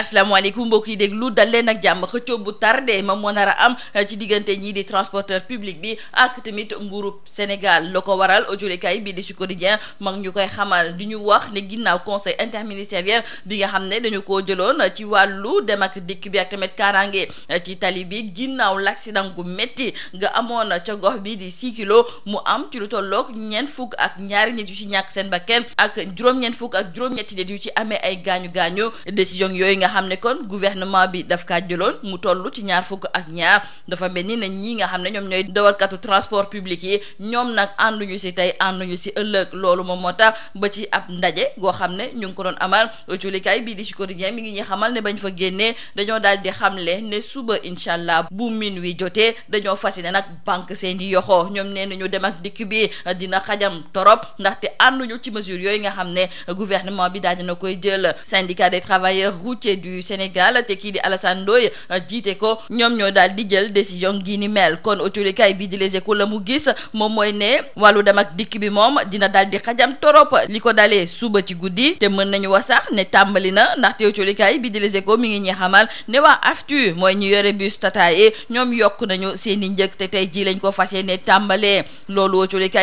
asalaamaaleykum mbokk yi déglu dal leen ak jàmm xëccoo bu tardé moom moo nar am ci diggante ñii di transporteur public bi ak tamit nguurub Sénégal la ko waral aujolekaay bi di su quotidien mag ñu koy xamal di ñu wax ne ginnaaw conseil interministériel bi nga xam ne dañu koo jëloon ci wàllu dem ak dikk bi ak tamit kaaraange ci tali bi ginnaaw l'accident gu métti nga amoon ca gox bi di 6 kilos mu am ci lu tolloog ñeent fukk ak ñaari nit yu ci ñàkk seen bakken ak juróom-ñeent fukk ak juróom yu ci ay gaañu gaañu décision yooyu xam ne kon gouvernement bi daf kaa jëloon mu toll ci ñaar fukk ak ñaar dafa mel ni ne ñii nga xam ne ñoom ñooy dawalkatu transport public yi ñoom nag ànduñu si tey ànduñu si ëllëg loolu moom moo tax ba ci ab ndaje goo xam ne ñu ngi ko doon amal julikaay bii di ci quotidien mi ngi ñuy xamal ne bañ fa génnee dañoo daal di xamle ne suba incha allah bu min wi jotee dañoo fas ne nag banque seen i yoxoo ñoom ne nañu dem ak dikk bi dina xajam torop ndaxte ànduñu ci mesure yooyu nga xam ne gouvernement bi daal dina koy du Sénégal te kii di Alassane Ndoye euh, jiite ko ñoom ñoo daal di jël décision gi ni mel kon autolikaay bi di Les Échos la mu gis moom mooy ne wàllu dem ak bi di xajam ko dalee suba ci guddi te mën nañu wax sax ne na ndaxte autolikaay bi di Les Échos mi ngi ñuy xamal ne waa AFTU e,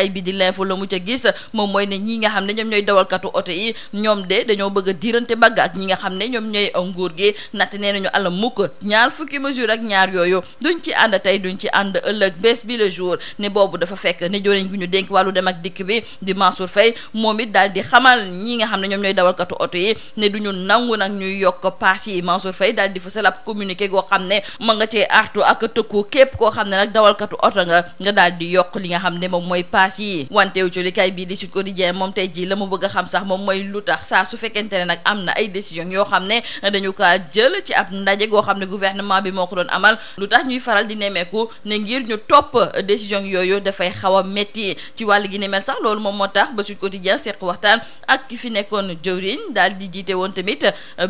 i la mu ca gis moom mooy ne ñi nga xam ne ñoom ñooy dawalkatu oto yi ñoom de dañoo bëgg a diirante bagg ak ñi nga xam ne ñoom ñooy nguur gi ndaxte nee nañu àla mukk ñaar fukki mesure ak ñaar yooyu duñ ci ànd tey duñ ci ànd ëllëg bés bi le jour ne boobu dafa fekk ne joriñ gi ñu dénk wàllu dem ak dikk bi di Mansour yi ne duñu nangu nag ñuy yokk paas yi Mansour Faye daal di fësal ab communiqué goo xam ne ma nga cee artu ak tëkku képp koo xam ne nag dawalkatu oto nga nga daal yokk li nga xam ne moom mooy paas yi wanteew ci bii di Sud Quotidien moom tey ji la mu bëgg a xam sax moom mooy lu tax dañu kaa jël ci ab ndaje goo xam ne gouvernement bi moo ko doon amal lu tax ñuy faral di nemmeeku ne ngir ñu topp décision yooyu dafay xaw a métti ci wàll gi ne mel sax loolu moom moo tax ba Sud Quotidien seq waxtaan ak ki fi nekkoon jëwriñ daal di jiite woon tamit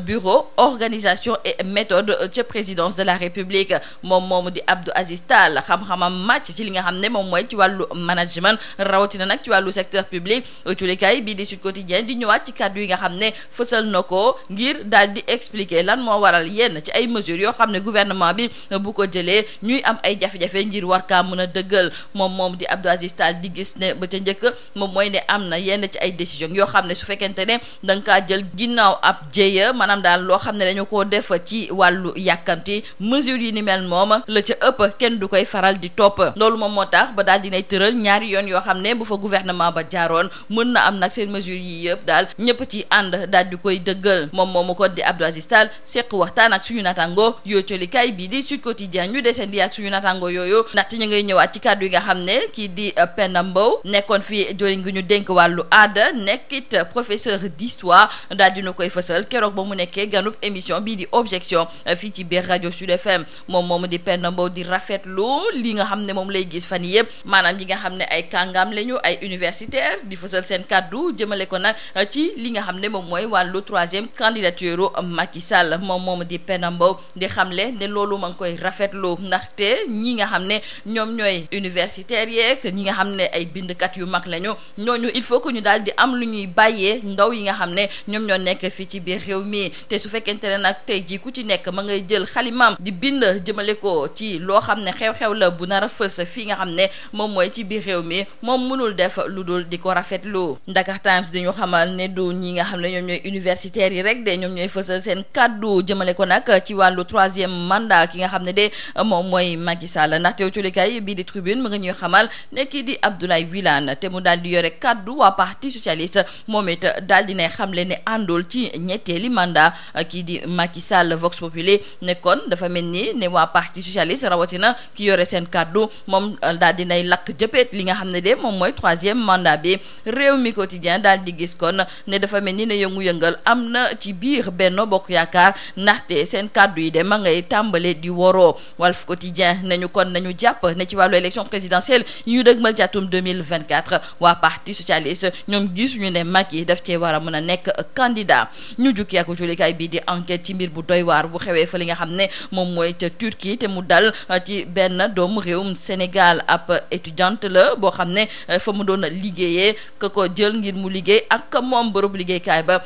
bureau organisation et méthode ca présidence de la république moom moomu di Abdou Aziz Tall xam-xamam màcc ci li nga xam ne moom mooy ci wàllu management rawatina nag ci wàllu secteur public culikaay bii di Sud Quotidien di ñëwaat ci kàddu yi nga xam ne fësal na ko ngir daal di expliquer lan moo waral yenn ci ay mesures yoo xam ne gouvernement bi bu ko jëlee ñuy am ay jafe-jafe ngir war kaa mën a dëggal moom moom di Abdou di gis ne ba ca njëkk moom mooy ne am na yenn ci ay décision yoo xam ne su fekkente ne da nga jël ginnaaw ab jéya maanaam daal loo xam ne dañu koo def ci wàllu yàkkamti mesures yi ni mel moom la ca ëpp kenn du koy faral di topp loolu moom moo tax ba daal dinay tëral ñaari yoon yoo xam ne bu fa gouvernement ba jaaroon mën na am nag seen mesures yi yëpp daal ñëpp ci ànd daal di koy dëggal moom moomu ko di Abdou Aziz Tall waxtaan ak suñu natango yoo colikaay bii di Sud Quotidien ñu deseendi ak suñu natango yooyu ndaxte ñu ngay ñëwaat ci kàddu yi nga xam ne kii di euh, Penda mbaw nekkoon fi joriñ gi ñu dénk wàllu aada nekkit professeur d'histoire daal dina koy fësal keroog ba mu nekkee ganub émission bii di objection euh, fii ci biir rajo Sud FM moom moomu di pen mbaw di rafetlu lii nga xam ne moom lay gis fan yëpp maanaam yi nga xam ne ay kàngam lañu ay universitaire di fësal seen kàddu jëmale ko nag euh, ci li nga xam ne moom mooy wàllu troisième candidature Macky Sall moom moomu di Penda Mbow di xamle ne loolu ma ngi koy rafetlu nga xam ne ñoom ñooy universitaires yeeg ñi nga xam ne ay bindkat yu mag lañu ñooñu il faut que ñu daal di am lu ñuy bàyyee ndaw yi nga xam ne ñoom ñoo nekk fii ci biir réew mi te su fekkente ne nag tey jii ku ci nekk ma ngay jël xalimaam di bind jëmale ko ci loo xam ne xew-xew la bu nar a fës fii nga xam ne moom mooy ci biir réew mi moom mënul def lu ko rafetlu Times dañu xamal ne du ñi nga xam ne ñoom ñooy universitaires yi rek de ñoom ñooy fësal seen seen kàddu jëmale ko nag ci wàllu troisième mandat ki nga xam ne de moom mooy Macky Sall ndaxte culikaay bii di tribune mu nga ñuy xamal ne kii di Abdoulaye Wilane te mu daal di yore kàddu waa parti socialiste moom it daal di ne xamle ne àndool ci ñetteeli mandat kii di Macky Sall Vox Populi ne kon dafa mel ni ne waa parti socialiste rawatina ki yore seen kàddu moom daal di nay lakk jëppeet li nga xam ne de moom mooy troisième mandat bi réew mi quotidien daal di gis kon ne dafa mel ni ne yëngu-yëngal am na ci biir Benno Bokk bokk yaakaar ndaxte seen kàddu yi de ma ngay tàmbale di woroo Walf Quotidien nañu kon nañu jàpp ne ci wàllu élection présidentielle yi ñu dëgmal ci atum 2024 waa parti socialiste ñoom ñu ne Macky daf cee war a mën a nekk candidat ñu jukki ak julikaay bii di enquête ci mbir bu doy waar bu xewee fa li nga xam ne moom mooy ca Turquie te mu dal ci benn doomu réewum Sénégal ab étudiante la boo xam ne euh, fa mu doon liggéeyee ka ko jël ngir mu liggéey ak moom bërëb liggéeykaay ba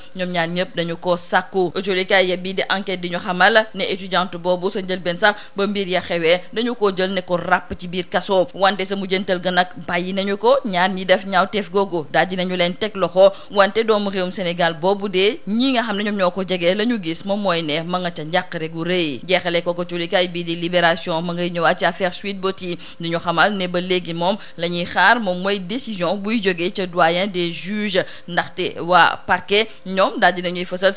yéenekaay bii di enquête di ñu xamal ne étudiante boobu sa njëlbeen sax ba mbir ya xewee dañu koo jël ne ko ràpp ci biir kaso wante sa mujjantal ga nag bàyyi nañu ko ñaar ñi def ñaaw teef googu daal di nañu leen teg loxo wante doomu réewum Sénégal boobu dee ñii nga xam ne ñoom ñoo ko jegee la ñu gis moom mooy ne ma nga ca njàqare gu rëy jeexale ko ko tulikaay bii di libération ma ngay ñëwaat ci affaire Sweet Beauty di ñu xamal ne ba léegi moom la ñuy xaar moom mooy décision buy jógee ca doyen des juges ndaxte waa parquet ñoom daal dinañuy fësal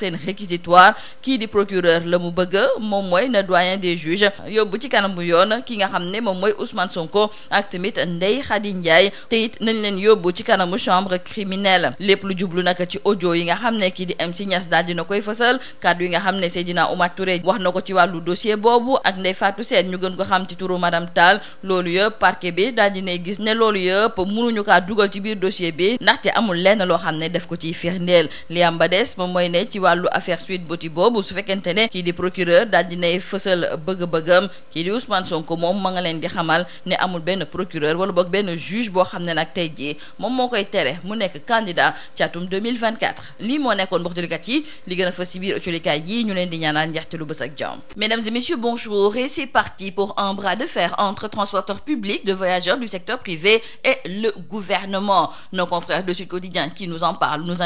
kii di procureur la mu bëgg moom mooy na doyen des juges yóbbu ci kanamu yoon ki nga xam ne moom mooy Ousmane Sonko ak tamit Ndeye Khady Ndiaye te it nañ leen yóbbu ci kanamu chambre criminelle lépp lu jublu naka ci audio yi nga xam ne kii di am ci Niass daal dina koy fësal kàddu yi nga xam ne Seydina Oumar Touré wax na ko ci wàllu dossier boobu ak Ndeye Fatou Sène ñu gën ko xam ci turu madame Tall loolu yëpp parquet bi daal dinay gis ne loolu yëpp mënuñu kaa dugal ci biir dossier bi ndaxte amul lenn loo xam ne def ko ci wàllu parti boobu su fekkente ne kii di procureur daal dinay fësal bëgg-bëggam kii di Ousmane Sonko moom ma nga leen di xamal ne amul benn procureur wala boog benn juge boo xam ne nag tey jii moom moo koy tere mu nekk candidat ci atum 2024 lii moo nekkoon mboxtalikat yi li gën a fës biir ëccolikaay yi ñu leen di ñaanal njeextalu bës ak jàmm mesdames et messieurs bonjour et c'est parti pour un bras de fer entre transporteurs publics de voyageurs du secteur privé et le gouvernement nos confrères de Sud Quotidien qui nous en parlent nous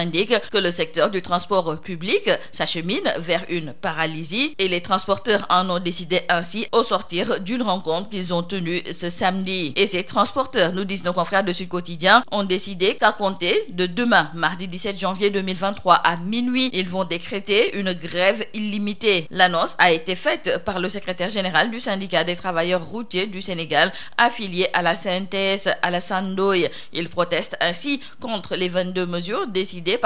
Chine vers une paralysie et les transporteurs en ont décidé ainsi au sortir d'une rencontre qu'ils ont tenue ce samedi. Et ces transporteurs, nous disent nos confrères de Sud Quotidien, ont décidé qu'à compter de demain, mardi janvier à minuit, ils vont décréter une grève illimitée. L'annonce a été faite par le secrétaire général du syndicat des travailleurs routiers du Sénégal affilié à la CNTS à la Sandoy. Il proteste ainsi contre les 22 mesures décidées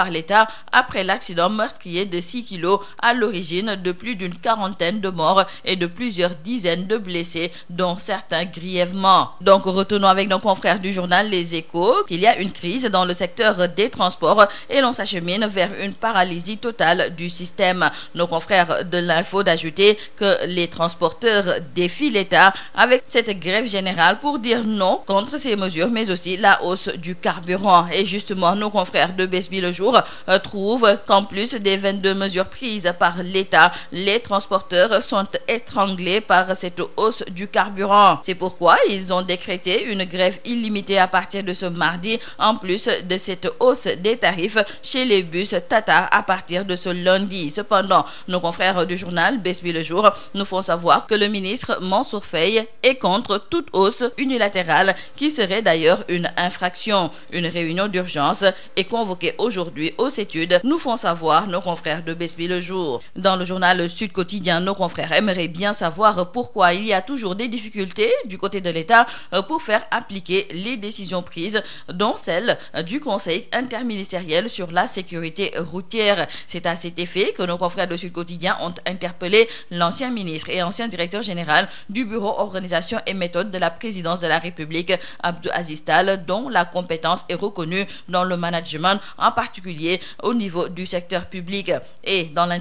à l'origine de plus d'une quarantaine de morts et de plusieurs dizaines de blessés, dont certains grièvement. Donc retenons avec nos confrères du journal Les Échos qu'il y a une crise dans le secteur des transports et l'on s'achemine vers une paralysie totale du système. Nos confrères de l'info d'ajouter que les transporteurs défient l'État avec cette grève générale pour dire non contre ces mesures, mais aussi la hausse du carburant. Et justement, nos prise par l'État. Les transporteurs sont étranglés par cette hausse du carburant. C'est pourquoi ils ont décrété une grève illimitée à partir de ce mardi, en plus de cette hausse des tarifs chez les bus Tata à partir de ce lundi. Cependant, nos confrères du journal Besbi Le Jour nous font savoir que le ministre Mansour Faye est contre toute hausse unilatérale qui serait d'ailleurs une infraction. Une réunion d'urgence est convoquée aujourd'hui aux études, jour. Dans le journal Sud Quotidien, nos confrères aimeraient bien savoir pourquoi il y a toujours des difficultés du côté de l'État euh, pour faire appliquer les décisions prises, dont celle euh, du Conseil interministériel sur la sécurité routière. C'est à cet effet que nos confrères de Sud Quotidien ont interpellé l'ancien ministre et ancien directeur général du Bureau Organisation et Méthode de la Présidence de la République, Abdou Aziz Tall, dont la compétence est reconnue dans le management, en particulier au niveau du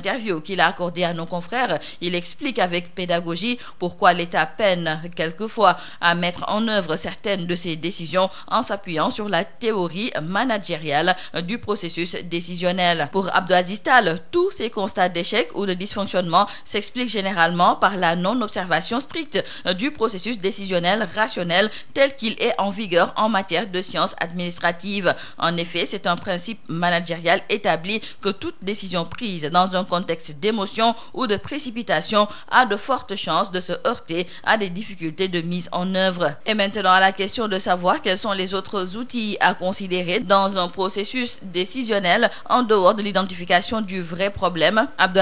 interview qu'il a accordée à nos confrères, il explique avec pédagogie pourquoi l'État peine quelquefois à mettre en œuvre certaines de ses décisions en s'appuyant sur la théorie managériale du processus décisionnel. Pour Abdou Aziz Tall, tous ces constats d'échec ou de dysfonctionnement s'expliquent généralement par la non-observation stricte du processus décisionnel rationnel tel qu'il est en vigueur en matière de sciences administratives. En effet, c'est un principe managérial établi que toute décision prise dans un contexte d'émotion ou de précipitation a de fortes chances de se heurter à des difficultés de mise en œuvre. Et maintenant à la question de savoir quels sont les autres outils à considérer dans un processus décisionnel en dehors de l'identification du vrai problème, Abdou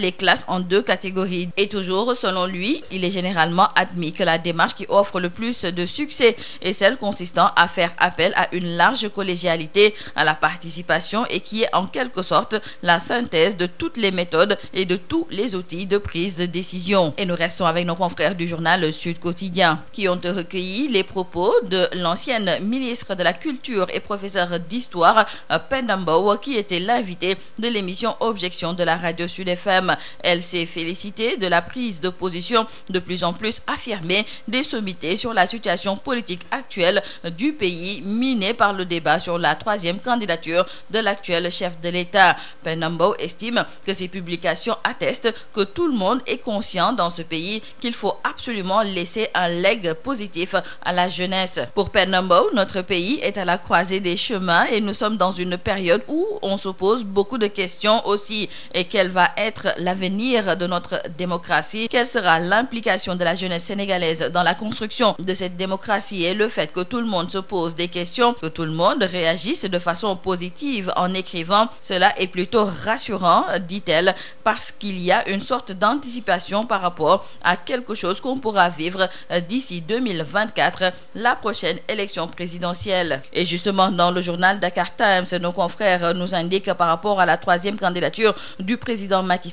les classe en deux catégories. Et toujours, selon lui, il est généralement admis que la démarche qui offre le plus de succès est celle consistant à faire appel à une large collégialité, la participation et qui est les méthodes et de tous les outils de prise de décision. Et nous restons avec nos confrères du journal Sud Quotidien qui ont recueilli les propos de l'ancienne ministre de la Culture et professeure d'histoire, Penda Mbow, qui était l'invitée de l'émission Objection de la radio Sud FM. Elle s'est félicitée de la prise de position de plus en plus affirmée des sommités sur la situation politique actuelle du pays minée par le débat sur la troisième candidature de l'actuel chef de l'État. Penda que ces publications attestent que tout le monde est qu'il faut absolument laisser un legs positif à la jeunesse. Pour Pernambo, notre pays est à la croisée des chemins et nous sommes dans une période où on se pose beaucoup de questions aussi. Et quel va être l'avenir de notre démocratie? Quelle sera l'implication de la jeunesse sénégalaise dans la construction de cette démocratie et le fait que tout le monde se pose des questions, que tout le monde réagisse de façon positive dit-elle, parce qu'il y a une sorte d'anticipation par rapport à quelque chose qu'on pourra vivre euh, d'ici la prochaine élection présidentielle. Et justement, dans le journal Dakar Times, nos confrères nous indiquent par rapport à la troisième candidature du président Macky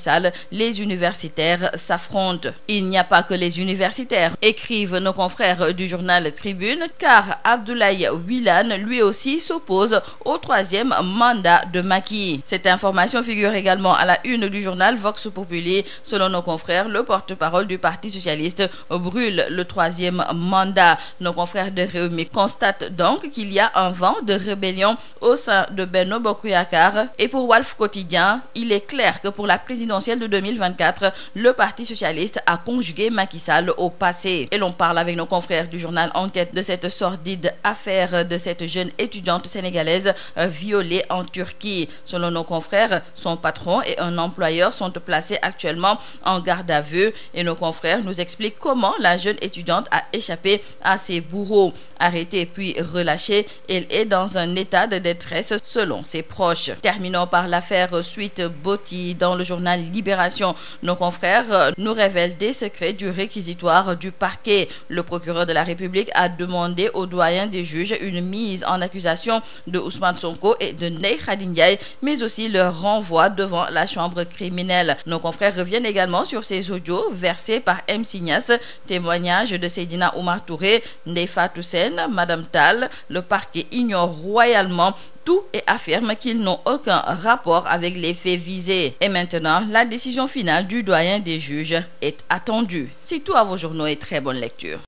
les universitaires s'affrontent. Il n'y a pas que les universitaires, écrivent nos confrères du journal Tribune, car Abdoulaye Wilane, lui aussi, s'oppose au troisième mandat de Macky. Cette la une du journal Vox Populi. Selon nos confrères, le porte-parole du Parti socialiste brûle le troisième mandat. Nos confrères de Réumi constatent donc qu'il y a un vent de rébellion au sein de Benno Bokuyakar. Et pour Walf Quotidien, il est clair que pour la présidentielle de 2024, le Parti socialiste a conjugué Macky Sall au passé. Et l'on parle avec nos confrères du journal Enquête de cette sordide affaire de cette jeune étudiante sénégalaise violée en Turquie. Selon un employeur sont placés actuellement en garde à vue et nos confrères nous expliquent comment la jeune étudiante a échappé à ses bourreaux. Arrêtée puis relâchée, elle est dans un état de détresse selon ses proches. Terminons par l'affaire Suite Botti dans le journal Libération. Nos confrères nous révèlent des secrets du réquisitoire du parquet. Le procureur de la République a demandé au doyen des juges une mise en accusation de Ousmane Sonko et de Ndeye la Chambre chambre criminelle. Nos confrères reviennent également sur ces audios versés par M. Signas, témoignage de Seydina Oumar Touré, Ndefa Toussaine, Madame Tal. Le parquet ignore royalement tout et affirme qu'ils n'ont aucun rapport avec les faits visés. Et maintenant, la décision finale du doyen des juges est attendue. C'est tout à vos journaux et très bonne lecture.